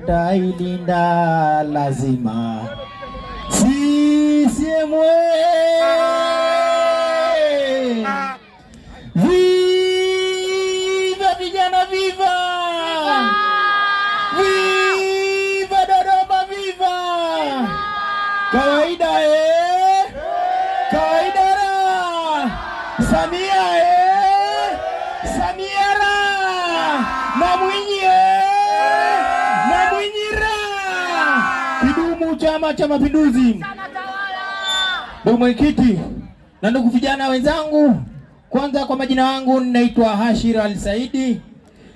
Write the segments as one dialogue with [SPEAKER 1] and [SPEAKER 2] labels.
[SPEAKER 1] Tutailinda lazima. CCM viva vijana, viva viva Dodoma, viva kawaida eh! kawaida ra Samia eh! Samia ra na Mwinyi eh Chama cha Mapinduzi. Ndugu mwenyekiti na ndugu vijana wenzangu, kwanza kwa majina yangu ninaitwa Hashir Ali Saidi,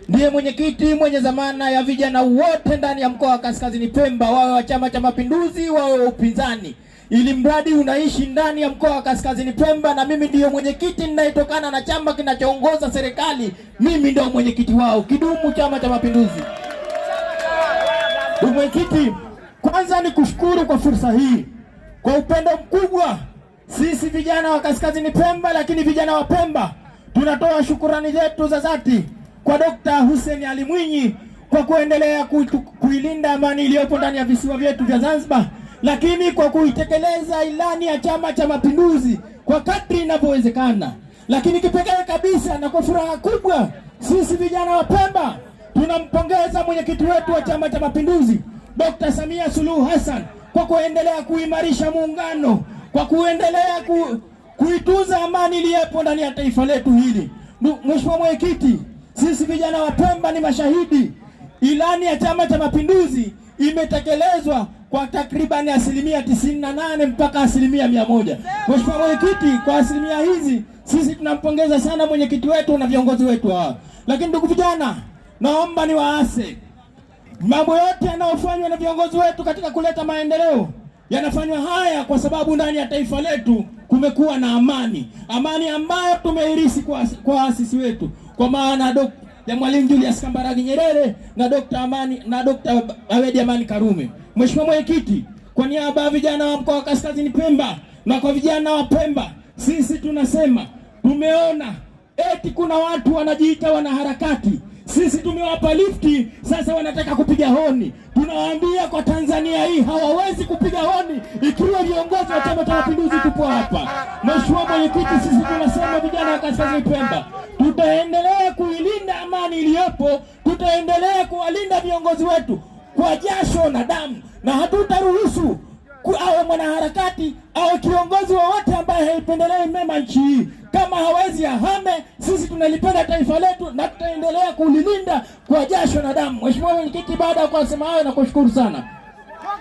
[SPEAKER 1] ndiye mwenyekiti mwenye zamana ya vijana wote ndani ya mkoa wa Kaskazini Pemba, wawe wa Chama cha Mapinduzi, wawe wa upinzani ili mradi unaishi ndani ya mkoa wa Kaskazini Pemba, na mimi ndiyo mwenyekiti ninayetokana na chama kinachoongoza serikali. Mimi ndio mwenyekiti wao. Kidumu Chama cha Mapinduzi! Mwenyekiti kwanza ni kushukuru kwa fursa hii, kwa upendo mkubwa. Sisi vijana wa Kaskazini Pemba, lakini vijana wa Pemba tunatoa shukurani zetu za dhati kwa Dkt. Hussein Ali Mwinyi kwa kuendelea kuilinda amani iliyopo ndani ya visiwa vyetu vya Zanzibar, lakini kwa kuitekeleza ilani ya Chama cha Mapinduzi kwa kadri inavyowezekana. Lakini kipekee kabisa na kwa furaha kubwa, sisi vijana wa Pemba tunampongeza mwenyekiti wetu wa Chama cha Mapinduzi Dr. Samia Suluhu Hassan kwa kuendelea kuimarisha muungano, kwa kuendelea ku, kuitunza amani iliyopo ndani ya taifa letu hili. Mheshimiwa Mwenyekiti, sisi vijana wa Pemba ni mashahidi, ilani ya Chama cha Mapinduzi imetekelezwa kwa takriban asilimia tisini na nane mpaka asilimia mia moja. Mheshimiwa Mwenyekiti, kwa asilimia hizi sisi tunampongeza sana mwenyekiti wetu na viongozi wetu hawa. Lakini ndugu vijana, naomba niwaase Mambo yote yanayofanywa na viongozi wetu katika kuleta maendeleo yanafanywa haya kwa sababu ndani ya taifa letu kumekuwa na amani, amani ambayo tumeirisi kwa, kwa asisi wetu kwa maana dok ya Mwalimu Julius Kambarage Nyerere na Dr. Amani na Dr. Awedi Amani Karume. Mheshimiwa Mwenyekiti, kwa niaba ya vijana wa mkoa wa Kaskazini Pemba na kwa vijana wa Pemba, sisi tunasema tumeona eti kuna watu wanajiita wanaharakati sisi tumewapa lifti, sasa wanataka kupiga honi. Tunawaambia kwa Tanzania hii hawawezi kupiga honi ikiwa viongozi wa Chama cha Mapinduzi tupo hapa. Mheshimiwa Mwenyekiti, sisi tunasema vijana wa Kaskazini Pemba, tutaendelea kuilinda amani iliyopo, tutaendelea kuwalinda viongozi wetu kwa jasho na damu, na hatutaruhusu awe mwanaharakati au kiongozi wowote tutendelee mema nchi hii. Kama hawezi ahame, sisi tunalipenda taifa letu na tutaendelea kulilinda kwa jasho na damu. Mheshimiwa Mwenyekiti, baada ya kusema hayo, nakushukuru sana.